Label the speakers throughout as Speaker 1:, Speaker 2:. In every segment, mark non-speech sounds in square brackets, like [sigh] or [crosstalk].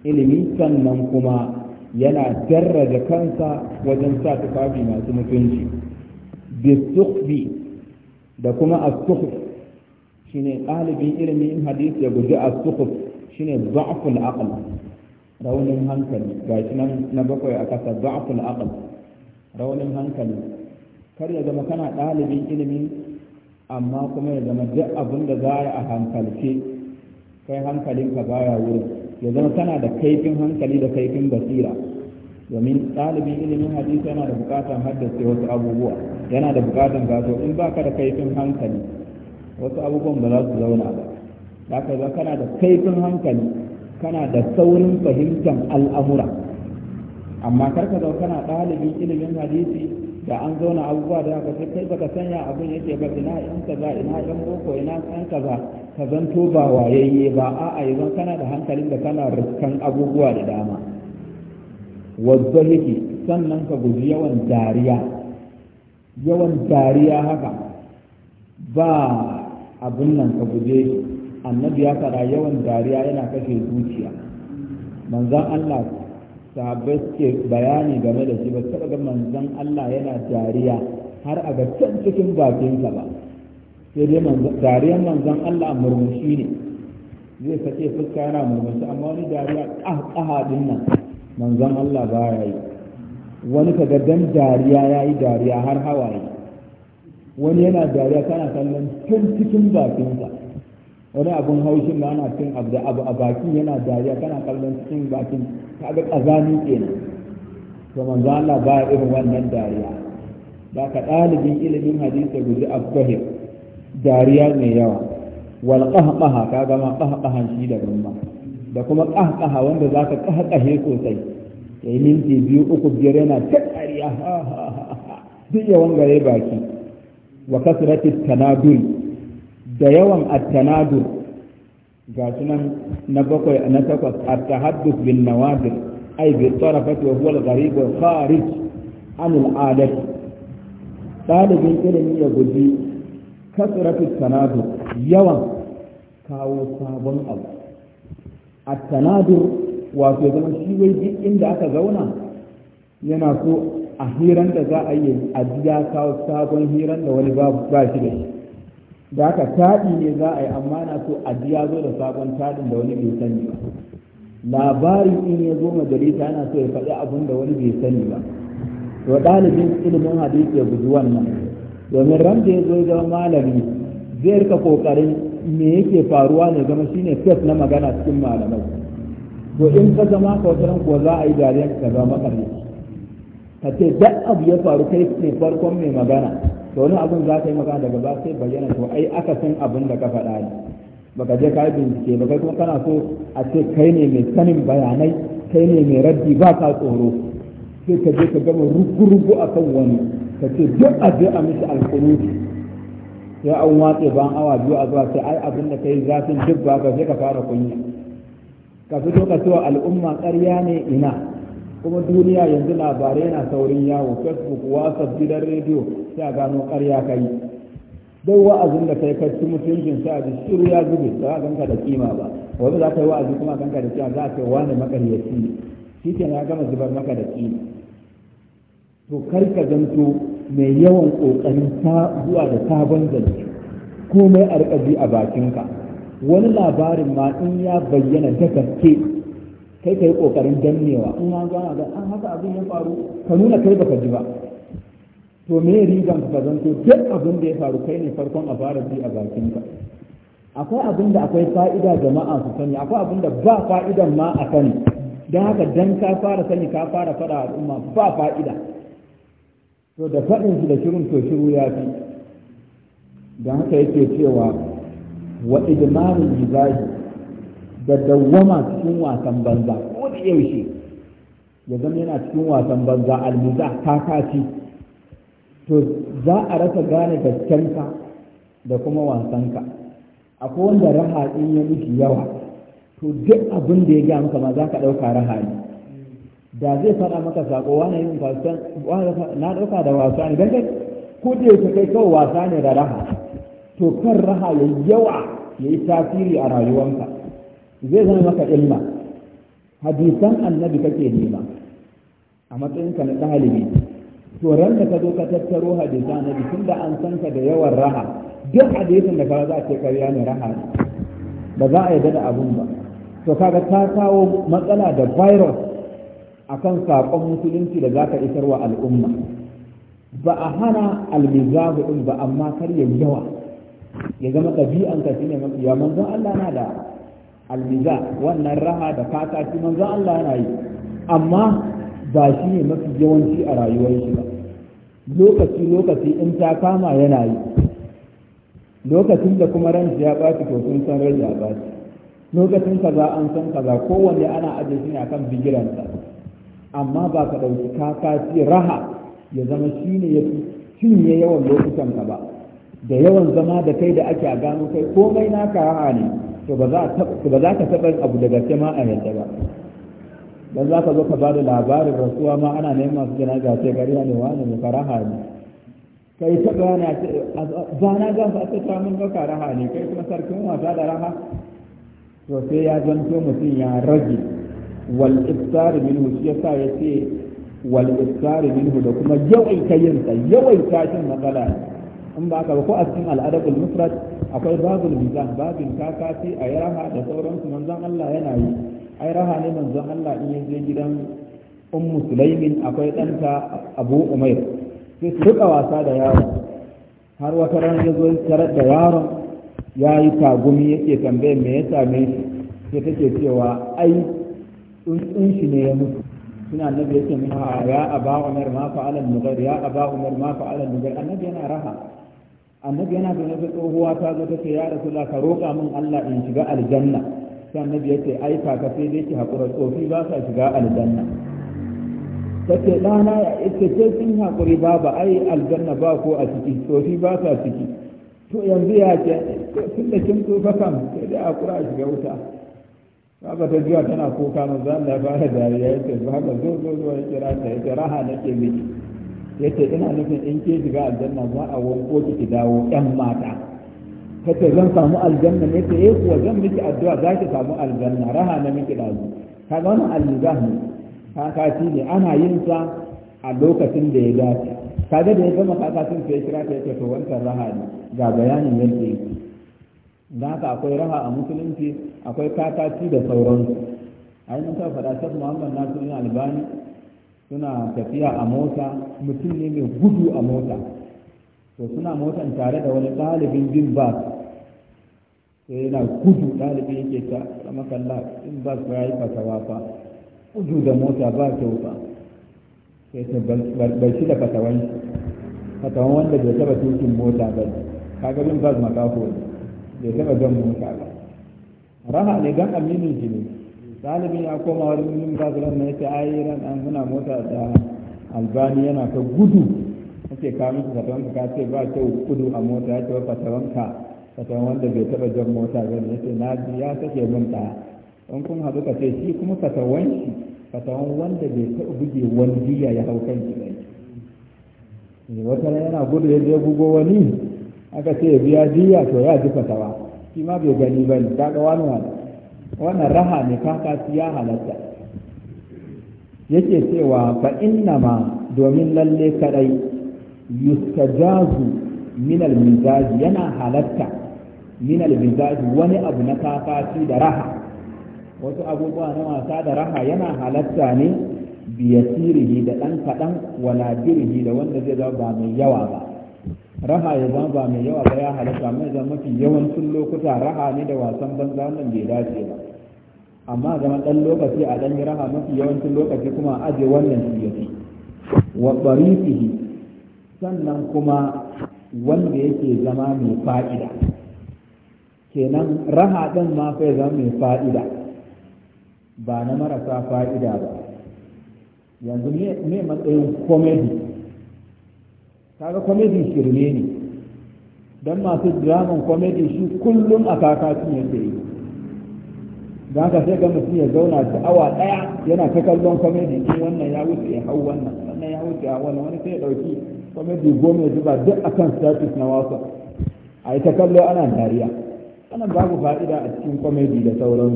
Speaker 1: ilimi sannan kuma yana jarraja kansa wajen sa tufafi masu mutunci bisuhbi da kuma as-suhb shine ɗalibin ilimin hadisi ya guji as-suhb shine da'ful aql raunin hankali shi nan na bakwai a kasa da'ful aql raunin hankali kar ya zama kana ɗalibin ilimi amma kuma ya zama duk abin da za a hankalce kai hankalinka baya wurin ya zama kana da kaifin hankali da kaifin basira domin ɗalibin ilimin hadisi yana da buƙatar haddace wasu abubuwa yana da buƙatar gaso in baka da kaifin hankali wasu abubuwan ba za su zauna ba za ka kana da kaifin hankali kana da saurin fahimtar al'amura amma kar ka kana ɗalibin ilimin hadisi da an zauna abubuwa da aka ce kai baka sanya abin yake ba ina in kaza ina yan boko ina yan kaza ka zanto ba wayayye ba a'a yanzu kana da hankalin da kana riskan abubuwa da dama yake sannan ka guji yawan dariya yawan dariya haka ba abin nan ka guje shi annabi ya fara yawan dariya yana kashe zuciya manzon Allah sahabbai suke bayani game da shi ba taɓa ga manzon Allah yana dariya har a ga can cikin bakinsa ba sai dai dariyar manzon Allah murmushi ne zai sake fuska yana murmushi amma wani dariya ƙaha din nan manzon Allah ba ya yi wani kaga dan dariya ya yi dariya har hawaye wani yana dariya kana kallon can cikin bakinsa wani abin haushin da ana cin abu da abu a baki yana dariya kana kallon cikin bakin ga kazani kenan to manzo Allah ba irin wannan dariya da ka dalibin ilimin hadisi guri afkahir dariya mai yawa wal qahqaha ga ma qahqahan shi da gumma da kuma qahqaha wanda zaka qahqahe sosai yayi minti biyu uku biyar yana ta dariya duk ya wangare baki wa kasratit tanadul da yawan attanadur ga sunan na bakwai na takwas at-tahaddus bin nawadir ay bi tarafati wa huwa al-gharib wa kharij an al-adat talibin ilimi ya guji kasratu tanadur yawan kawo sabon abu at-tanadur wato zama shi wai duk inda aka zauna yana so a hiran da za a yi a ya kawo sabon hiran da wani ba shi da shi da haka taɗi ne za a yi amma na so ajiya zo da sabon taɗin da wani bai sani ba labarin in ya zo majalisa yana so ya faɗi abin da wani bai sani ba to ɗalibin ilimin hadisi ya guji wannan domin ran da ya zo zama malami zai rika kokarin me yake faruwa ne zama shine fes na magana cikin malamai to in ka zama ka ko kuwa za a yi dariyar ka zama makarni ka ce duk abu ya faru kai ne farkon mai magana to wani abin za ka yi magana da ba sai bayyana to ai aka san abin da ka faɗa ne baka je ka yi bincike ba kai kuma kana so a ce kai ne mai sanin bayanai kai ne mai raddi ba ka tsoro sai ka je ka gama rugu-rugu a kan wani ka ce duk a je a mishi alƙunuti sai an watse ban awa biyu a zuwa sai ai abin da kai zafin duk ba ka je ka fara kunya ka fito ka cewa al'umma ƙarya ne ina kuma duniya yanzu labarai na saurin yawo facebook whatsapp gidan rediyo sai a gano ƙarya kai dai wa'azin da kai kai mutuncin sai a ji shiru ya zube ba a ganka da kima ba wani za ka yi wa'azi kuma a ganka da kima za ka yi wani makaryaci shi ke ya gama zubar maka da kima to kar ka zanto mai yawan ƙoƙarin ta zuwa da sabon zance komai a riƙa a bakinka wani labarin ma in ya bayyana ta gaske kai ka yi ƙoƙarin dannewa in ya gana da an haka abin ya faru ka nuna kai baka ji ba to me rigan ka zanto duk abin da ya faru kai ne farkon a fara ji a bakin ka akwai abin da akwai fa'ida jama'a su sani akwai abin da ba fa'idan ma a sani don haka dan ka fara sani ka fara faɗa al'umma ba fa'ida to da faɗin shi da shirin to shiru ya fi don haka yake cewa wa idmarul mizaji da dawwama cikin wasan banza ko da yaushe ya zama yana cikin wasan banza almuza kaci to za a rasa gane gaskenka da kuma wasanka akwai wanda raha in ya mishi yawa to duk abin da ya gaya maka ma za ka ɗauka raha ne da zai faɗa maka saƙo wani yin wasan na ɗauka da wasa ne dan ko da yake kai kawai wasa ne da raha to kan raha ya yawa ya yi tasiri a rayuwanka zai zama maka ilma hadisan annabi kake nema a matsayinka na ɗalibi to ran da ka zo ka tattaro hadisan annabi tun da an san ka da yawan raha duk hadisin da ka za a ce karya ne raha ne ba za a yarda da abun ba to kaga ta kawo matsala da virus akan saƙon musulunci da za ka isar wa al'umma ba a hana almizahu ɗin ba amma kar ya yawa ya zama ɗabi'anka shine mafi ya manzon Allah na da almiza wannan raha da fata shi manzo Allah yana yi amma ba shi ne mafi yawanci a rayuwar shi ba lokaci lokaci in ta kama yana yi lokacin da kuma ran ya baci to sun san ran ya baci lokacin ka za an san kaza kowanne ana aje shi ne akan bigiransa amma ba ka ɗauki kakaci raha ya zama shi ne ya fi yawan lokutan ka ba da yawan zama da kai da ake a gano kai komai naka raha ne to ba za ka taɓa abu daga gaske ma a yadda ba dan za ka zo ka bada labarin rasuwa ma ana neman masu gina sai gari ne wani ne faraha ne kai ta bayani ba zana za su ake samun ɗauka raha ne kai kuma sarkin wasa da raha to sai ya zanto mutum ya rage wal iftari minhu shi ya sa ya ce wal iftari minhu da kuma yawaita yin sa yawaita shin matsala in ba ka ba ko a cikin al'adar mufrad akwai babul mizan babin kakati a raha da sauransu manzon Allah yana yi ai raha ne manzon Allah in ya gidan ummu sulaimin akwai ɗanta abu umair sai su rika wasa da yaron har wata ran ya zo tarar da yaron ya yi tagumi yake tambayar me ya same shi sai take cewa ai tsuntsun shi ne ya mutu suna annabi yake nuna ya aba umar ma fa'alan nugar ya aba umar ma fa'alan nugar annabi yana raha annabi yana da wata tsohuwa ta zo take ya rasulullah ka roƙa min Allah in shiga aljanna sai annabi ya ce ai ka sai dai ki hakura tsofi ba sa shiga aljanna take ɗana ya ita ce sun hakuri ba ba ai aljanna ba ko a ciki tsofi ba sa ciki to yanzu ya ce tun da kin tsofa kam sai dai hakura a shiga wuta Baba ta zuwa tana kuka zan da ba da dariya ya ce ba zo zo zo ya kira ta ya ce raha nake miki yace ina nufin in ke shiga aljanna za a wanko ki ki dawo yan mata kace zan samu aljanna ne ta eh kuwa zan miki addu'a za ki samu aljanna raha na miki dazu kaga wannan almizah ne kakati ne ana yin sa a lokacin da ya dace kaga da ya gama kakacin sai kira ta yi to wancan raha ne ga bayanin yadda yake da haka akwai raha a musulunci akwai kakaci da sauransu yi ta faɗa shaf muhammad nasiru albani suna tafiya a mota mutum ne mai gudu a mota to suna motan tare da wani ɗalibin bin bas sai yana gudu ɗalibin yake ta ramakalla bin bas ya yi fasawa fa gudu da mota ba kyau fa sai ta barci shi da fatawan fasawan wanda bai taɓa tukin mota ba kaga bin bas makafo ne bai taɓa jan mota ba raha ne gan aminin jini ne ɗalibin ya koma wani yin ba su ranar yace ai ran an muna mota da albani yana ta gudu nake ka miki fatawan ka ce ba kyau gudu a mota ya ce wa fatawan ka fatawan wanda bai taɓa jan mota ba ne ce na ji ya sake min ta in kun haɗu ka ce shi kuma fatawan shi fatawan wanda bai taɓa buge wani jiya ya hau kan shi ne eh, wata yana gudu ya je bugo wani aka ce ya biya jiya to ya ji fatawa shi ma bai gani ba ne ta ga wani wani wannan raha ne kakasi ya halatta yake cewa fa ma domin lalle kadai yustajazu min almizaji yana halatta min almizaji wani abu na kafafi da raha wasu abubuwa na wasa da raha yana halatta ne biyasirihi da ɗan kaɗan wala dirhi da wanda zai zama ba mai yawa ba raha ya zama ba mai yawa ba ya halatta mai zama mafi yawancin lokuta raha ne da wasan banza wannan bai dace ba amma zama ɗan lokaci a ɗan rama mafi yawancin lokaci kuma a aje wannan shi wa sannan kuma wanda yake zama mai fa'ida kenan raha ɗin ma fai zama mai fa'ida ba na marasa fa'ida ba yanzu me matsayin komedi kaga komedi shirme ne don masu draman komedi shi kullum a kakakin yake yi don haka sai ga mutum ya zauna da awa ɗaya yana ta kallon kwamiti in eh, wannan ya wuce ya hau wannan wannan ya wuce ya wannan wani sai ya ɗauki kwamiti goma ya zuba duk akan status na wasa a yi ta kallo ana dariya ana babu fa'ida a cikin kwamiti da sauran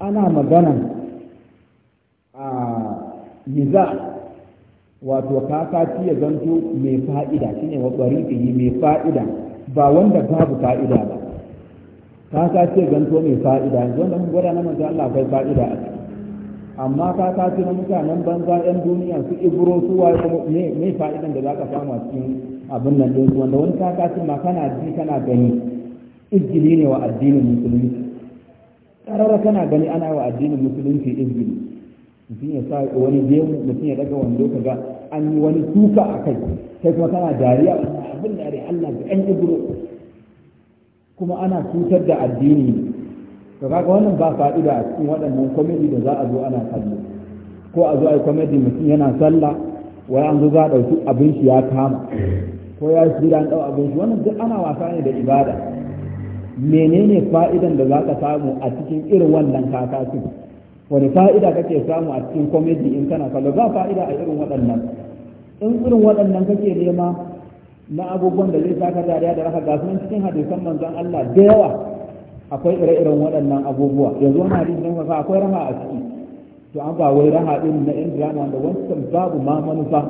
Speaker 1: ana magana a niza wato kakaci ya zanto mai fa'ida shine wa mai fa'ida ba wanda babu fa'ida ba ka ka ce ganto mai fa'ida yanzu wannan gwada na manzo Allah akwai fa'ida a ciki amma ka ka ce na mutanen banza yan duniya su ibro su waye kuma me me fa'idan da zaka samu a cikin abin nan din wanda wani ka ka ce ma kana ji kana gani izgili ne wa addinin musulunci karara kana gani ana wa addinin musulunci izgili mutum ya sa wani gemu mutum ya daga wando ka ga an yi wani tuka a kai sai kuma kana dariya wannan abin da Allah ga yan ibro kuma ana cutar da addini to kaga wannan ba fa'ida a cikin waɗannan komedi da za a zo ana kallo ko a zo a yi komedi mutum yana sallah wai an zo za a ɗauki abin shi ya kama ko ya shi an ɗau abin shi wannan duk ana wasa ne da ibada menene fa'idan da za ka samu a cikin irin wannan kakakin wani fa'ida kake samu a cikin komedi in kana kallo ba fa'ida a irin waɗannan in irin waɗannan kake nema na abubuwan da zai saka dariya da raka gasu cikin hadisan manzon Allah da yawa akwai ire-iren waɗannan abubuwa yanzu wani hadisi ne fa akwai raha a ciki to an ba wai raha din na yan drama da wancan babu ma manufa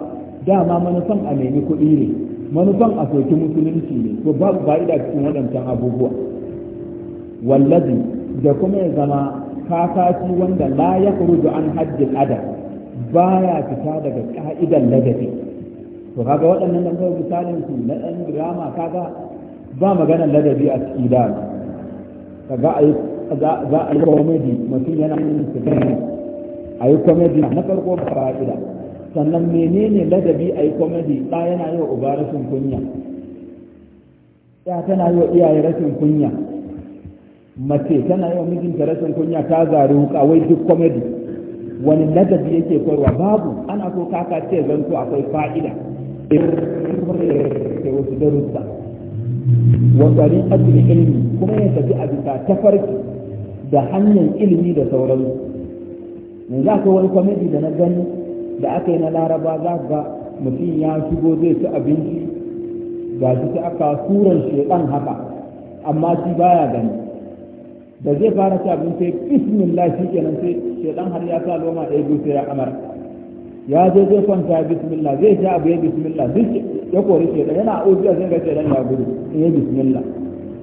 Speaker 1: dama manufan a nemi kuɗi ne manufan a soki musulunci ne to babu fa'ida cikin waɗancan abubuwa wallazi da kuma ya zama kakaci wanda la ya an hajjil adab baya fita daga ka'idan ladabi to kaga waɗannan da kawai misalin su na ɗan girama kaga ba magana ladabi a cikin da kaga a yi za a yi komedi mutum yana yin su a yi komedi na farko ba fa'ida sannan menene ladabi a yi komedi ɗa yana yi wa uba rashin kunya ya tana yi wa iyaye rashin kunya mace tana yi wa mijinta rashin kunya ta zari wuka wai duk komedi wani ladabi yake koyarwa babu ana so kaka ce zan so akwai fa'ida da wasu darussa wa ilmi kuma ya tafi a bisa da hanyar ilimi da sauransu yanzu akwai wani kwamiti da na gani da aka yi na laraba za ga mutum ya shigo zai ci abinci ga shi ta aka suran shekan haka amma shi baya gani da zai fara ci abinci bismillah shi kenan sai shekan har ya sa loma ɗaya biyu sai ya amara ya je zai kwanta bismillah zai sha abu ya bismillah duk ya kori ke da yana ojiya sai ga ce dan ya gudu in ya bismillah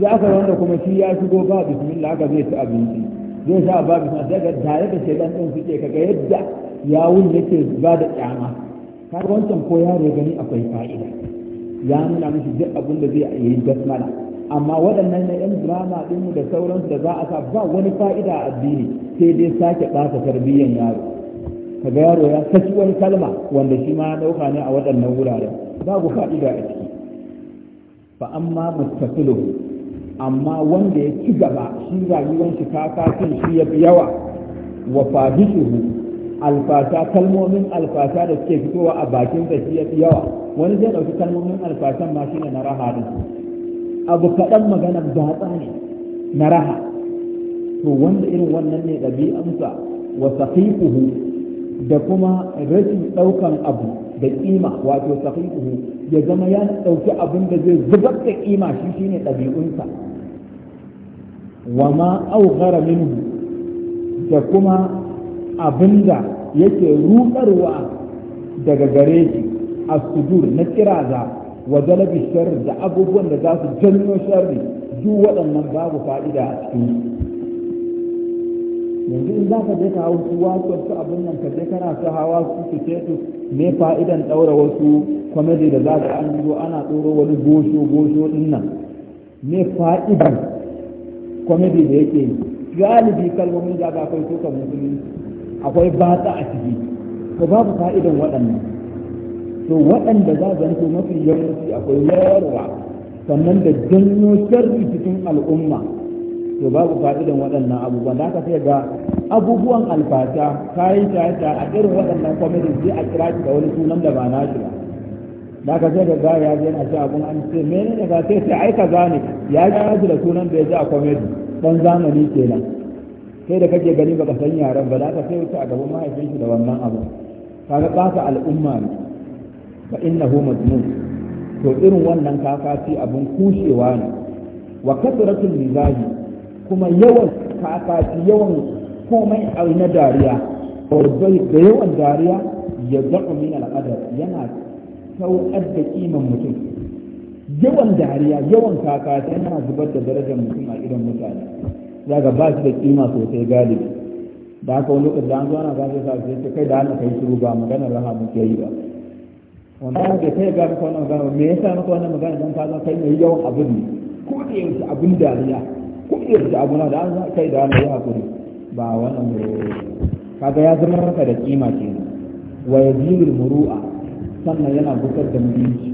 Speaker 1: sai aka wanda kuma shi ya shigo ba bismillah aka zai ci abinci zai sha ba bismillah sai ga tare da shedan din suke kaga yadda yawun yake ba da kyama ka wancan ko yaro gani akwai fa'ida ya nuna mishi duk abin da zai yi basmala amma waɗannan na yan drama ɗinmu da sauransu da za a sa ba wani fa'ida a addini sai dai sake ɓata tarbiyyar yaro ka ga yaro ya saki wani kalma wanda shi ma ɗauka ne a waɗannan wuraren babu fa'ida a ciki fa amma mustaqbilu amma wanda ya ci gaba shi rayuwar shi kakakin shi ya fi yawa wa fadisuhu alfasa kalmomin alfasa da suke fitowa a bakin sa shi ya fi yawa wani zai ɗauki kalmomin alfasan ma shine na raha din abu kaɗan maganar batsa ne na raha to wanda irin wannan ne ɗabi'ansa wa saqiquhu da kuma rashin ɗaukan abu da ƙima wato sahihu ya zama ya ɗauki abin da zai zubar da ƙima shi shine ɗabi'unsa wa ma auƙara minhu da kuma abin da yake ruɗarwa daga gare shi a sudur na kiraza wa dalabi sharri da abubuwan da za su janyo sharri duk waɗannan babu fa'ida a cikin yanzu in za ka je ka hawa su wasu su abin nan ka je kana su hawa su su ce su me fa'idan ɗaura wasu kwamadi da za ka an zo ana tsoro wani gosho gosho ɗin nan me fa'idan kwamadi da yake yi galibi kalmomin da ga akwai suka musulmi akwai batsa a ciki to babu fa'idan waɗannan to waɗanda za zanto mafi yawanci akwai yawarwa sannan da janyo sharri cikin al'umma to babu fa'idan waɗannan abubuwan da aka sai ga abubuwan alfata kayan shata a irin waɗannan kwamitin sai a kira shi da wani sunan da ba na shi ba da aka sai ga gari ya yana shi abun an ce mene ne ba sai sai aika zane ya kira shi da sunan da ya ji a kwamiti dan zamani kenan sai da kake gani baka san yaren ba da aka sai wuce a gaban mahaifin shi da wannan abu kaga ɓata al'umma ne fa innahu majnun to irin wannan kakaci abun kushewa ne wa kasratul mizahi kuma yawan kafafi yawan komai a na dariya da yawan dariya ya zaɓa min al'adar yana sauƙar da ƙiman mutum yawan dariya yawan kakata yana zubar da darajar mutum a idan mutane ga ba shi da ƙima sosai galibi da haka wani lokaci da an zo ana gaje sa sai kai da ka kai shiru ba maganar raha muke yi ba Wanda ga kai ga maka wannan magana me yasa maka wannan magana dan ka kai mai yawan abin ne ko da yaushe abin dariya Kuɗiyar da abu da an kai da wani ya kuri ba wannan kaga ya zama maka da kima ke wa ya yazilul muru'a sannan yana bukar da mutunci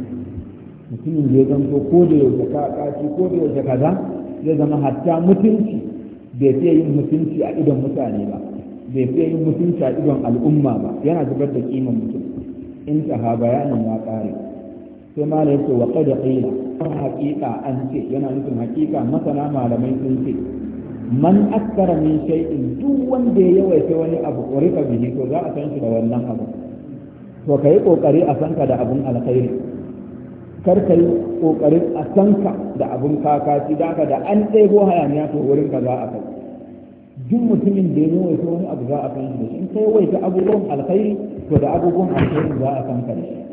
Speaker 1: mutumin da ya zanto ko da yaushe ka kaci ko da yaushe kaza Ya zama hatta mutunci bai fiye yin mutunci a idon mutane ba bai fiye yin mutunci a idon al'umma ba yana zubar da kiman mutum in ta ha bayanin ya kare sai ma ya ce wa qad har haƙiƙa an ce yana nufin haƙiƙa masana malamai sun ce man akara min shay'in duk wanda ya yawaita wani abu urifa bihi to za a san shi da wannan abu to kai kokari a san ka da abun alkhairi kar ka yi kokarin a san ka da abun kakaci da ka da an ɗebo hayaniya to wurin ka za a kai duk mutumin da ya yawaita wani abu za a san shi da shi in kai yawaita abubuwan alkhairi to da abubuwan alkhairi za a san ka da shi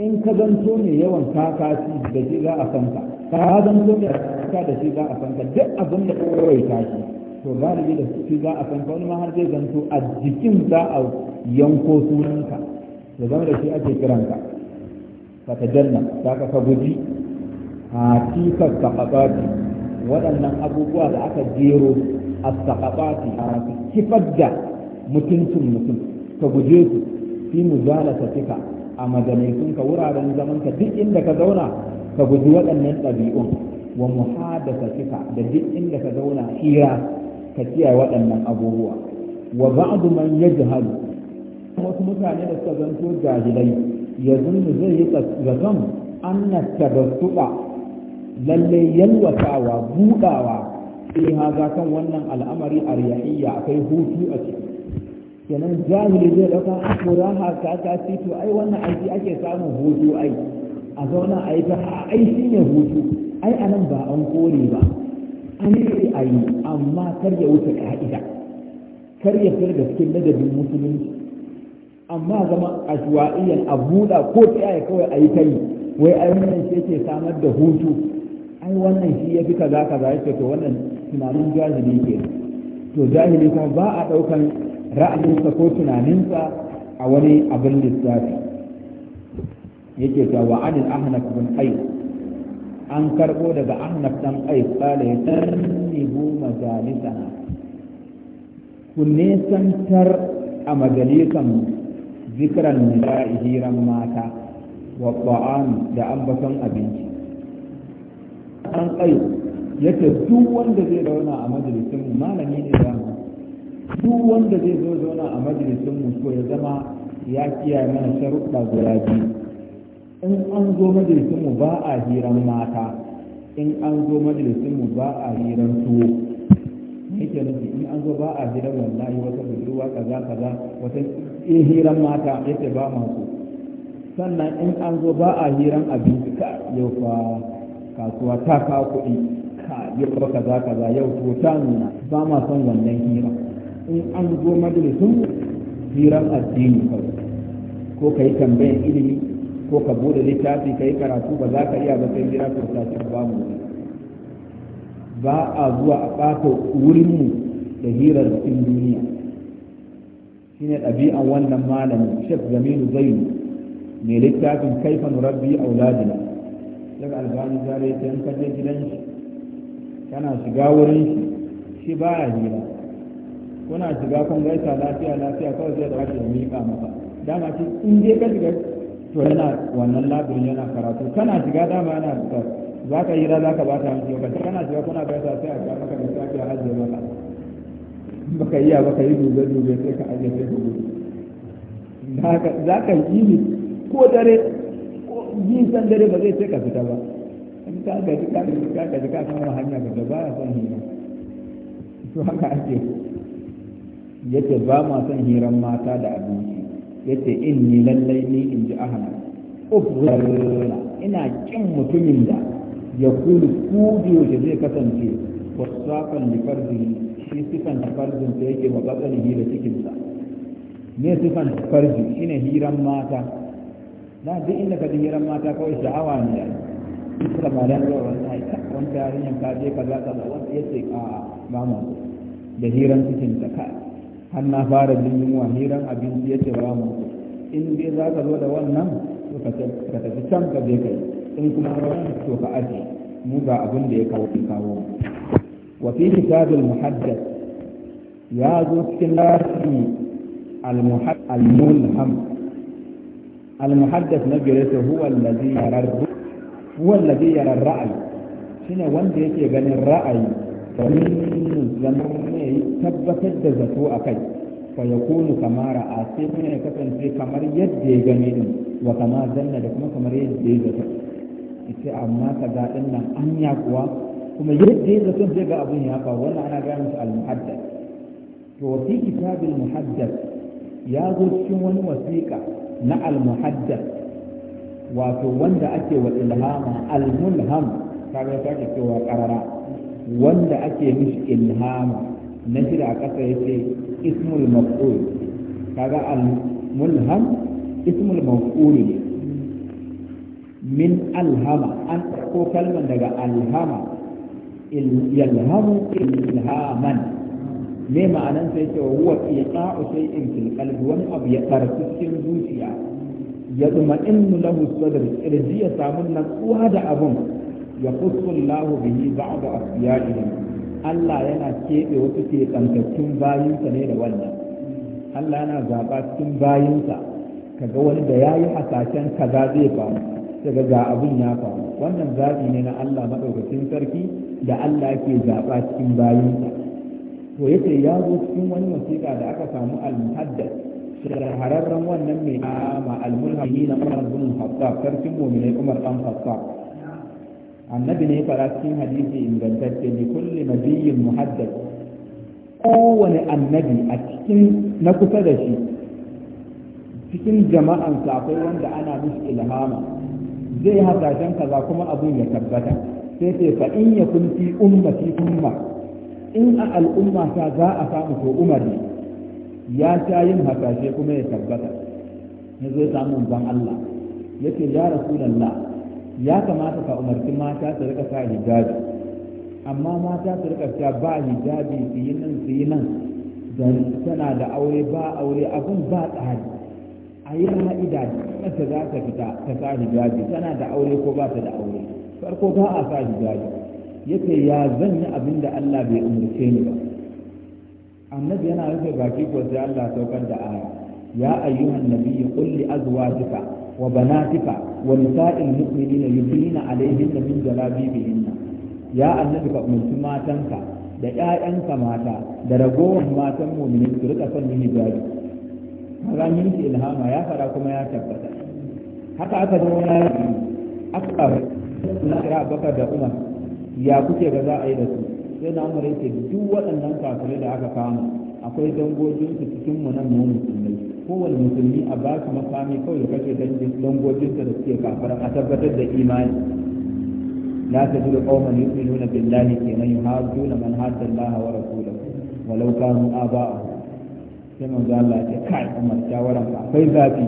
Speaker 1: in ka zanto ne yawan kakaci da shi za a san ka ka zanto ne ka da shi za a san duk abin da kawai ta shi to galibi da shi za a san wani ma har zai zanto a jikin za a yanko sunanka da zama da shi ake kiranka ka ta janna za ka guji a tikar saƙaƙaƙi waɗannan abubuwa da aka jero a saƙaƙaƙi a kifar da mutuncin mutum ka guje su fi mu zala ta fika a majalaitunka wuraren zamanka duk inda ka zauna ka guji waɗannan ɗabi'un wa cika da duk inda ka zauna hira ka kiyaye waɗannan abubuwa wa ba'du man yajhalu wasu mutane da suka zanto jahilai ya zunnu zai yi zaton anna tabassuba lalle yalwatawa budawa sai haza kan wannan al'amari a akwai hutu a ciki kenan jahili zai ɗauka muraha ta ta to ai wannan aiki ake samun hutu ai a zauna a yi ta ai shi ne hutu ai a nan ba an kore ba an yi a yi amma kar ya wuce ka'ida kar ya fi da cikin ladabin musulunci amma zama ashwa'iyan a buɗa ko ta yaya kawai a yi ta yi wai ai wannan shi yake samar da hutu ai wannan shi ya fi kaza kaza yake to wannan tunanin jahili ke to jahili kuma ba a ɗaukan ra'ayinsa ko tunaninsa a wani abin lissafi yake ta wa anil ahnaf bin qais an karbo daga ahnaf dan qais qala yatarnibu majalisana kun santar a majalisan zikiran nisa'i hiran mata wa ta'am da ambaton abinci an kai yace duk wanda zai zauna a majalisin malami ne da duk wanda zai zo zauna a majalisun mu ya zama ya kiyaye mana sharuɗa guda biyu in an zo majalisun mu ba a hiran mata in an zo majalisun mu ba a hiran tuwo yake nufi in an zo ba a hiran wallahi wata budurwa kaza kaza wata in hiran mata yake ba masu sannan in an zo ba a hiran abinci ka yau fa kasuwa ta kawo kuɗi ka yau kaza kaza yau to ta nuna ba ma son wannan hiran. in an zo majalisun hirar addini kawai ko ka yi tambayan ilimi ko ka bude littafi ka yi karatu ba za ka iya ba sai jira ko ta ba mu ba a zuwa a ɓata wurin mu da hirar cikin duniya shine ɗabi'an wannan malami shek zaminu zainu mai littafin kaifa a wuladina daga albani zare ta yankar gidan shi tana shiga wurin shi shi ba a hira kuna shiga kun gaisa lafiya lafiya kawai zai dauki ya miƙa masa dama ce in je ka shiga to yana wannan labirin yana karatu kana shiga dama yana da za ka yi za ka ba ta miki yau kana shiga kuna gaisa sai a ga maka lissafi a ajiye maka baka ba baka yi dubbe dubbe sai ka ajiye sai ka gudu za ka yi ni ko dare ko yin san dare ba zai sai ka fita ba in ka gaji ka gaji ka gaji ka hanya ga gaba ya son hira to haka ake yace ba ma son hiran mata da abinci yace inni lallai ni in ji ahmad ubbarna ina kin mutumin da ya kulu kudiyo da zai kasance wasafan li fardihi shi sifan fardin da yake wa ne da cikin sa ne sifan fardi shine hiran mata na duk inda ka ji hiran mata kawai sha'awa ne kuma ba da yawa wani tarihin ka je ka za ka zaɓa yace a mama da hiran cikinsa kai har na fara jin yunwa hiran abinci ya ce ba mu in dai za ka zo da wannan to ka tafi can ka je kai in kuma to ka aje mu ga abin da ya kawo ki kawo wa fi kitabil muhaddath ya zo cikin lafi al-mulham al-muhaddath na gare ta huwa allazi yararru huwa allazi yarar ra'ayi shine wanda yake ganin ra'ayi kamar tabbatar da zato a kai fa yakunu kamara ra'a sai kuma ya kasance kamar yadda ya gani din wa kama zanna da kuma kamar yadda ya zato ita amma ka ga din nan anya kuwa kuma yadda ya zato zai ga abun ya faru wannan ana gaya musu al-muhaddath to fi kitabil muhaddath ya zo cikin wani wasiƙa na al-muhaddath wato wanda ake wa ilhama al-mulham kaga ya sake cewa karara wanda ake mishi ilhama na shida a ƙasa ya ce ismul maf'ul kaga al mulham ismul maf'ul ne min alhama an ko kalman daga alhama yalhamu ilhaman me ma'anan sai ce wa huwa iqa'u shay'in fil qalbi wani abu ya karfi cikin zuciya ya tumannu lahu sadr irji ya samu uwa da abun ya qussu Allahu bihi ba'da asfiyaihim Allah yana keɓe wasu keɓantattun bayinsa ne da wannan Allah yana zaɓa cikin bayinsa kaga wani da ya yi hasashen kaza zai faru daga ga abin ya faru wannan zaɓi ne na Allah maɗaukacin sarki da Allah ke zaɓa cikin bayinsa to yace ya zo cikin wani wasiƙa da aka samu al-muhaddas shahararren wannan mai aama, al-mulhami na Umar bin Khattab sarkin mu'minai Umar dan Khattab annabi ne fara cikin hadisi ingantacce ne kulli nabiyyin muhaddad kowane annabi a cikin na kusa da shi cikin jama'an akwai wanda ana musu ilhama zai hasashen kaza kuma abun ya tabbata sai sai fa in ya kun fi umma in a al'umma ta za a samu ko umar ya sha yin hasashe kuma ya tabbata ya zai samun ban Allah yace ya rasulullah ya kamata ka umarci mata su rika sa hijabi amma mata su rika sa ba hijabi su yi nan su yi nan don tana da aure ba aure abun ba tsari a yi ida ta za ta fita ta sa hijabi tana da aure ko ba ta da aure farko ba a sa hijabi yace ya zan yi abin da Allah bai umarce ni ba annabi yana rufe baki ko sai Allah saukar da aya ya ayyuhan nabiyyu qul li azwajika وبناتك ونساء المؤمنين يبنين عليهن من جلابيبهن يا النبي فأمن ما تنكا da ‘ya'yanka mata da ragowar matan mumini su rika son yin hijabi ranar shi ilhama ya fara kuma ya tabbata haka aka zo ya yi aka na kira bakar da umar ya kuke ga za a yi da su sai na umar yake duk waɗannan kafirai da aka kama akwai dangojin su cikin mu nan mu musulmai kowane musulmi a ba su makami kawai kashe dangoginsa da suke kafara a tabbatar da imani la ta zuru qauman yu'minuna billahi kenan yuhadduna man hadda Allah wa rasulahu walau kanu aba'ahum sai mun manzo Allah ya kai Umar shawaran ka akwai zafi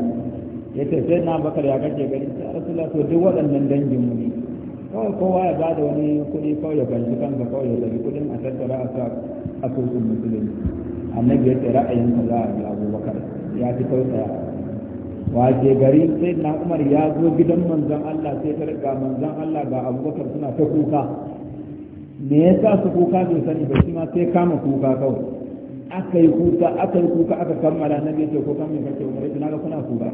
Speaker 1: yace sai na bakar ya kace gari sai Rasulullah to duk waɗannan dangin mu ne kawai kowa ya bada wani kuɗi kawai ya banci kanka kawai ya zabi kuɗin a tattara a sa a asusun musulmi annabi ya ce ra'ayin ka za a biya ya fi tausaya wace gari sai na umar ya zo gidan manzon Allah sai ta riga manzon Allah ga abubakar suna ta kuka me yasa su kuka bai sani ba shi ma sai kama kuka kawai aka yi kuka aka yi kuka aka kammala na bai ce ko kan mai kake umar ina ga kuna kuka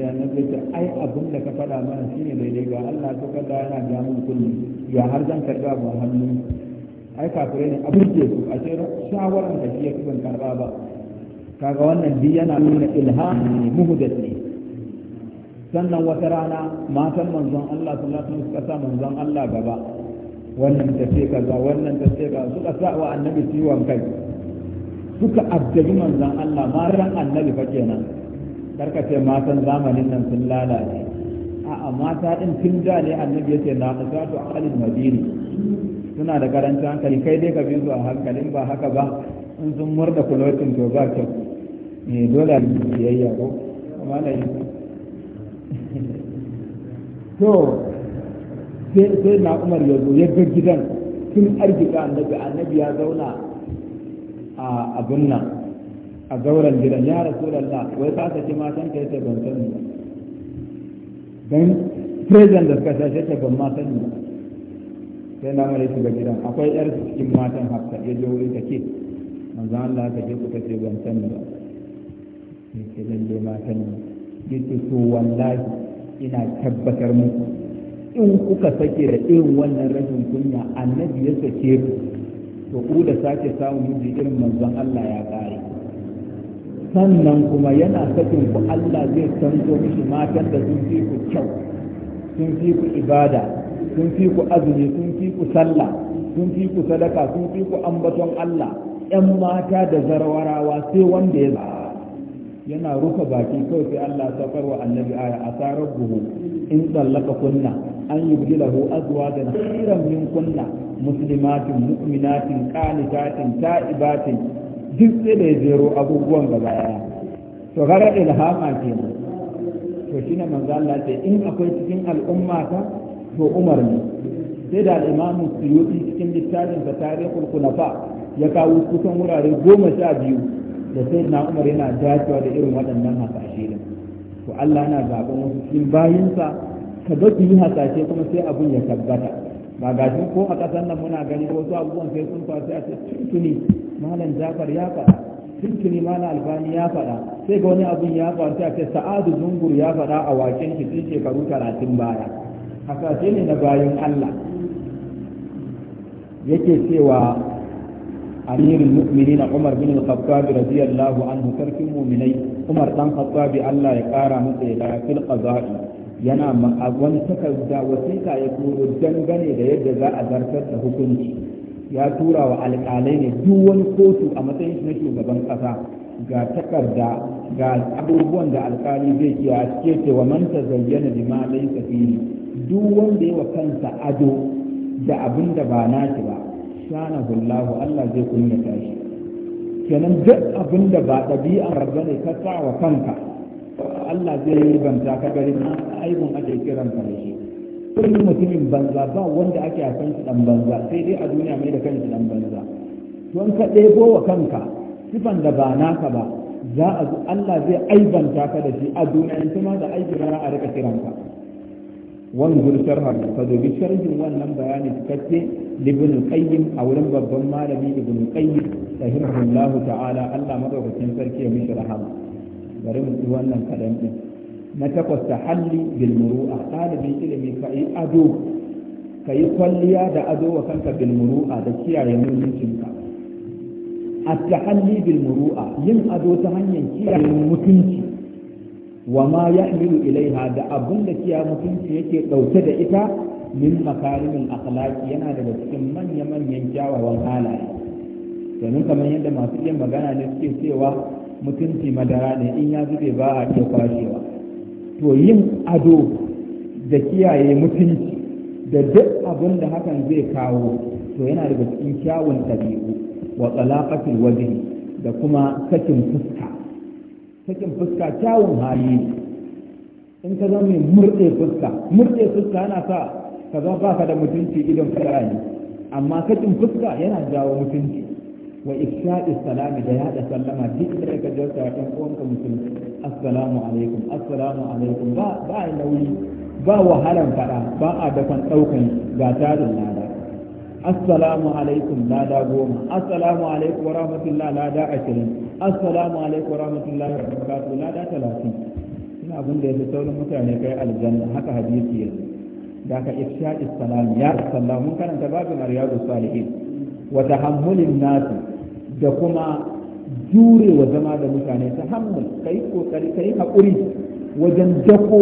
Speaker 1: ya na zai ce ai abin da ka faɗa mana shine daidai ga Allah to kada yana ga mun kullu ya har zan karba ba hannu ai kafirai ne abin da su a ce shawaran da shi ya fi ban karba ba kaga wannan duk yana nuna ilham ne muhdath ne sannan wata rana matan manzon Allah sallallahu alaihi wasallam suka sa manzon Allah gaba wannan ta ce kaza wannan ta ce kaza suka sa wa annabi ciwon kai suka abdabi manzon Allah maran annabi fa kenan karka ce matan zamanin nan sun lalace a'a mata din tun da ne annabi yace na qasatu alil madini suna da karancin hankali kai dai ka bi zuwa hankalin ba haka ba in sun murda kulotin to ba kyau eh dole a yi biyayya ko amma na yi [laughs] to sai na umar ya zo ya ga gidan tun arzika annabi annabi ya zauna a abin nan a zauren gidan ya rasu da Allah wai ka saki matan ka yace ban sani ba don president da suka sace ta ban ma sani sai na mara shiga gidan akwai yar cikin matan hafsa ya je wurin ta manzo Allah ka je ku ta ce ban sani ba sai ce lalle mata ne, yake to wallahi ina tabbatar muku in kuka sake da irin wannan rashin kunya annabi ya sake ku to ku da sake samu miji irin manzon Allah ya kare sannan kuma yana sakin ku Allah zai canzo miki matan da sun fi ku kyau sun fi ku ibada sun fi ku azumi sun fi ku sallah sun fi ku sadaka sun fi ku ambaton Allah ‘yan mata da zarwarawa sai wanda ya yana rufe baki kawai sai Allah saukar wa annabi aya a tsarar buhu in tsallaka kunna an yi bigilahu azwajan khairan min kunna muslimatin mu'minatin qanitatin ta'ibatin duk sai da jero abubuwan gaba daya to gara ilhama kenan to shine manzo Allah ce in akwai cikin al'umma ta to Umar ne sai da al-Imam Suyuti cikin littafin sa Tarihul ya kawo kusan wurare goma sha biyu da sai na umar yana dacewa da irin waɗannan hasashe din to Allah yana zaɓen wasu cikin bayinsa ka ga su yi hasashe kuma sai abun ya tabbata ba ga shi ko a ƙasar nan muna gani wasu abubuwan sai sun faru a ce tuntuni malam Jafar ya faɗa tuntuni malam Albani ya faɗa sai ga wani abun ya faru sai a ce Sa'adu Zungur ya faɗa a waken shi tun shekaru talatin baya hasashe ne na bayan Allah yake cewa أمير المؤمنين عمر بن الخطاب رضي الله عنه ترك المؤمنين عمر بن الخطاب الله يقارى مثل في القضاء yana wani takarda wasiƙa ya turo dangane da yadda za a zartar da hukunci ya tura wa alƙalai ne duk wani kotu a matsayin shi na shugaban ƙasa ga takarda ga abubuwan da alƙali zai iya ce ce wa man zayyana lima duk wanda ya wa kansa ado da abin da ba nashi ba shana hullahu Allah zai kunyata shi kenan duk abin da ba ɗabi'ar ba ne ka sa wa kanka Allah zai yi banta ka gari na aibun ake kiran ka da shi kullum mutumin banza ba wanda ake a kan shi dan banza sai dai a duniya mai da kanshi dan banza Don ka ɗebo wa kanka sifan da ba naka ba za a Allah zai aibanta ka da shi a duniya in ma da aiki na a rika kiran ka wanzur sharhar ka dubi sharhin wannan bayani cikakke libin qayyim a wurin babban malami ibn qayyim rahimahullahu ta'ala Allah madaukakin sarki ya mishi rahama bari mu ci wannan kadan din na takwas ta halli bil muru'a talibin ilimi ka yi ado ka yi kwalliya da ado wa kanka bil muru'a da kiyaye ka. at-tahalli bil muru'a yin ado ta hanyar kiyaye mutunci wa ma yahmilu ilaiha da abun da kiyaye mutunci yake dauke da ita min makarimin akhlaqi yana daga cikin manya-manyan kyawawan halaye domin kamar yadda masu iya magana ne suke cewa mutunci madara ne in ya zube ba a iya kwashewa to yin ado da kiyaye mutunci da duk abin da hakan zai kawo to yana daga cikin kyawun ɗabi'u wa tsalaqatul waje da kuma sakin fuska sakin fuska kyawun hali in ka zama mai murɗe fuska murɗe fuska yana sa ka ba ka da mutunci idan fir'ani amma kakin fuska yana jawo mutunci wa ifshadi salami da yada sallama duk da ka jarta wa ɗan uwanka musulmi assalamu alaikum assalamu alaikum ba ba nauyi ba wahalan fada ba a dakon ɗaukan ga tarin lada assalamu alaikum lada goma assalamu alaikum wa rahmatullah lada ashirin assalamu alaikum wa rahmatullah wa barakatuh lada talatin ina abin da ya fi saurin mutane kai aljanna haka hadisi yanzu da ka ifsha ya sallah mun karanta babin riyadu salihin wa tahammulin nasu da kuma jure wa zama da mutane tahammul kai kokari kai hakuri wajen dako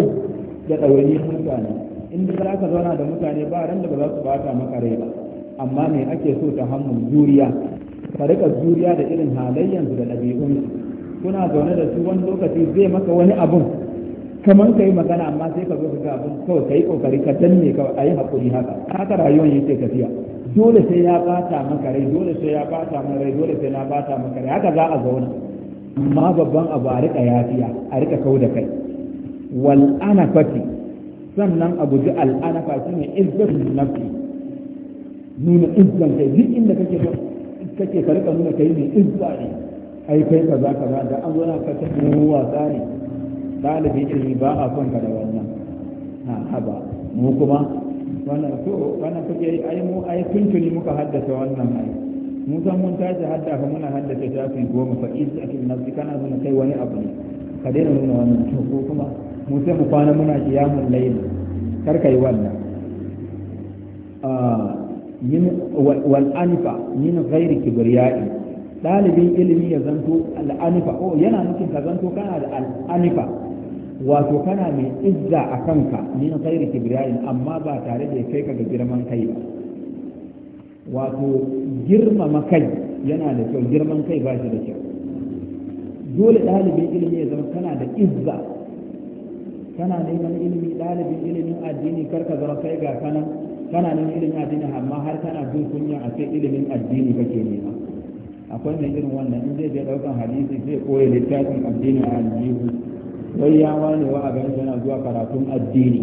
Speaker 1: da ɗawainiyar mutane inda za ka zauna da mutane ba ran da ba za su bata maka rai ba amma me ake so tahammul juriya ka rika juriya da irin halayyansu da ɗabi'unsu kuna zaune da su wani lokaci zai maka wani abun kamar ka yi magana amma sai ka zo ka ga abin kawai ka yi kokari ka danne kawai a yi haƙuri haka haka rayuwar yake tafiya dole sai ya bata maka rai dole sai ya bata maka rai dole sai na bata maka rai haka za a zauna amma babban abu a rika yafiya a rika kau da kai wal anafati sannan a guji al anafa shine izzatu nafsi nuna izzan kai duk inda kake kake ka rika nuna kai ne izza ne ai kai kaza kaza da an zo na ka ta wasa ne ɗalibin ilimi ba a son da wannan na haba mu kuma wannan to wannan kuke ai mu ai tuntuni muka haddasa wannan ai mu san mun tashi hadda fa muna haddace tafi goma fa iz akil nafsi kana nuna kai wani abu ne ka daina nuna wannan to ko kuma mu sai mu kwana muna qiyamul layl kar kai wannan ah, min wal anfa min ghairi kibriyai dalibin ilimi ya zanto al anfa oh yana nufin ka zanto kana da al anfa wato kana mai izza a kanka min ghairi kibriyain amma ba tare da kai ka ga girman kai ba wato girmama kai yana da kyau girman kai ba shi da kyau dole ɗalibin ilimi ya zama kana da izza kana neman ilimi ɗalibin ilimin addini karka zama kai ga kana kana neman ilimin addini amma har kana jin kunya a sai ilimin addini kake nema akwai mai irin wannan in zai je ɗaukan hadisi zai koya littafin addini a aljihu wai ya wane wa a ganin yana zuwa karatun addini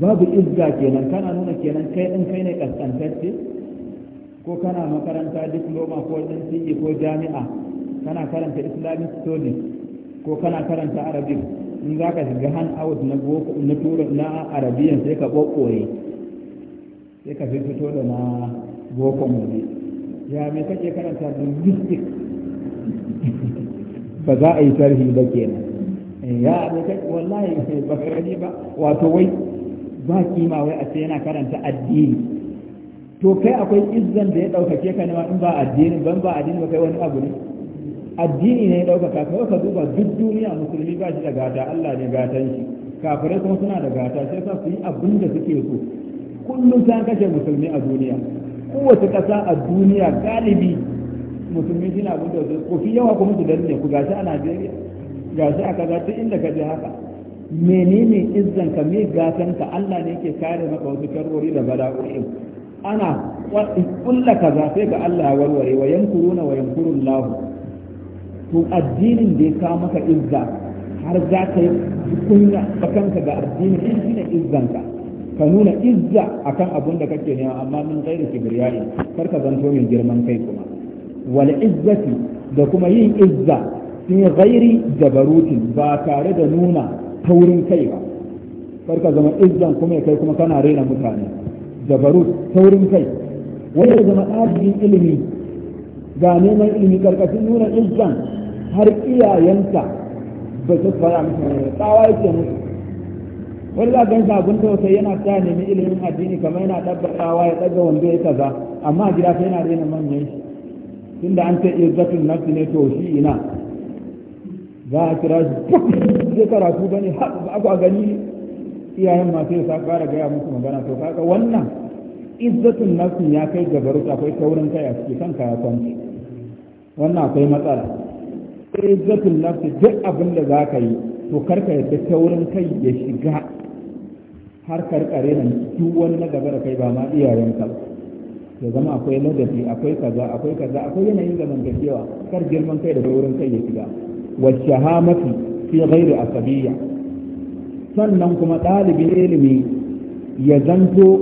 Speaker 1: babu izga kenan kana nuna kenan kai din kai ne kaskantacce ko kana makaranta diploma ko NCE ko jami'a kana karanta islamic studies ko kana karanta arabic in za ka shiga hand out na boko na tura na arabiyan sai ka kokore sai ka fito da na boko mu ya me kake karanta linguistics [laughs] ba za a yi tarihi ba kenan ya abokai wallahi [laughs] ba ka gani ba wato wai ba kima wai a ce yana karanta addini to kai akwai izzan da ya ɗaukake ka ne in ba addini ban ba addini ba kai wani abu ne addini ne ya ɗaukaka ka ka duba duk duniya musulmi ba shi da gata Allah ne gatan shi kafirai kuma suna da gata sai sa su yi abin da suke so kullum ta kashe musulmi a duniya kowace kasa a duniya galibi musulmi suna abin da su ko fi yawa kuma su danne ku gashi a Najeriya ga shi a kaza ta inda ka ji haka menene izzan ka me gatan ka Allah ne yake kare maka wasu sharrori da bala'o'i ana kulla kaza sai ga Allah ya warware wa yankuruna wa yankurun lahu to addinin da ya kawo maka izza har za ka yi kunya kanka ga addinin shi ne izzanka ka nuna izza akan abun da kake nema amma min ghairi kibriyai kar ka zanto mai girman kai kuma wal izzati da kuma yin izza fi ghairi jabarutin ba tare da nuna taurin kai ba farka zama izzan kuma kai kuma kana raina mutane jabarut taurin kai wanda zama ɗalibin ilimi ga neman ilimi karkashin nuna izzan har iyayenta ba su fara musu tsawa yake musu wani za gan abin tausayi yana ta nemi ilimin addini kamar yana ɗabbarawa ya ɗaga wanda ya kaza amma gida sai yana raina manyan shi tunda an ce izzatun nafsi ne to shi ina za a kira shi sai karatu bane ba ku a gani iyayen masu yasa fara gaya musu magana to kaga wannan izzatun nafsin ya kai gabaru akwai taurin kai a ciki kanka ya kwanci wannan akwai matsala izzatun nafsi duk abin da za ka yi to karka yadda taurin kai ya shiga har karkare nan duk wani na gaba da kai ba ma iyayen ka ya zama akwai ladabi akwai kaza akwai kaza akwai yanayin zamantakewa kar girman kai da taurin kai ya shiga washahamati fi ghairi asabiyya sannan kuma ɗalibin ilimi ya zanto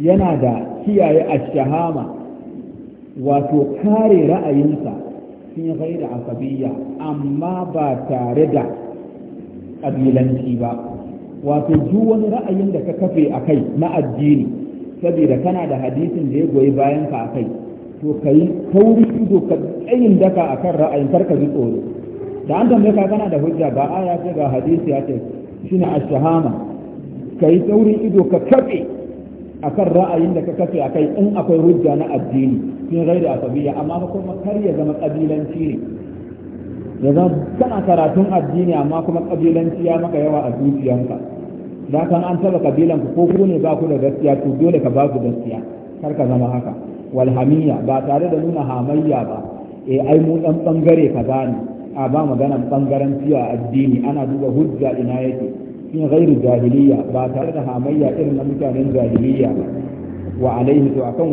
Speaker 1: yana da kiyaye ashahama wato kare ra'ayinsa fi a asabiyya amma ba tare da ƙabilanci ba wato duk wani ra'ayin da ka kafe a kai na addini saboda kana da hadisin da ya goyi bayanka a kai to ka yi tauri ido ka tsayin daka a kan ra'ayin karka ji tsoro da an tambaye ka kana da hujja ba aya ce ga hadisi ya ce shine ashahama shahama kai taurin ido ka kafe akan ra'ayin da ka kafe akai in akwai hujja na addini sun gaida asabiya amma ba kuma kar ya zama kabilanci ne ya zama kana karatun addini amma kuma kabilanci ya maka yawa a zuciyanka da kan an taba kabilan ku ko ku ne ba ku da gaskiya to dole ka ba ku gaskiya kar ka zama haka walhamiya ba tare da nuna hamayya ba eh ai mu dan bangare ka ne a ba maganan bangaren fiya addini ana duba hujja ina yake in gairu jahiliya ba tare da hamayya irin na mutanen jahiliya ba wa alaihi to akan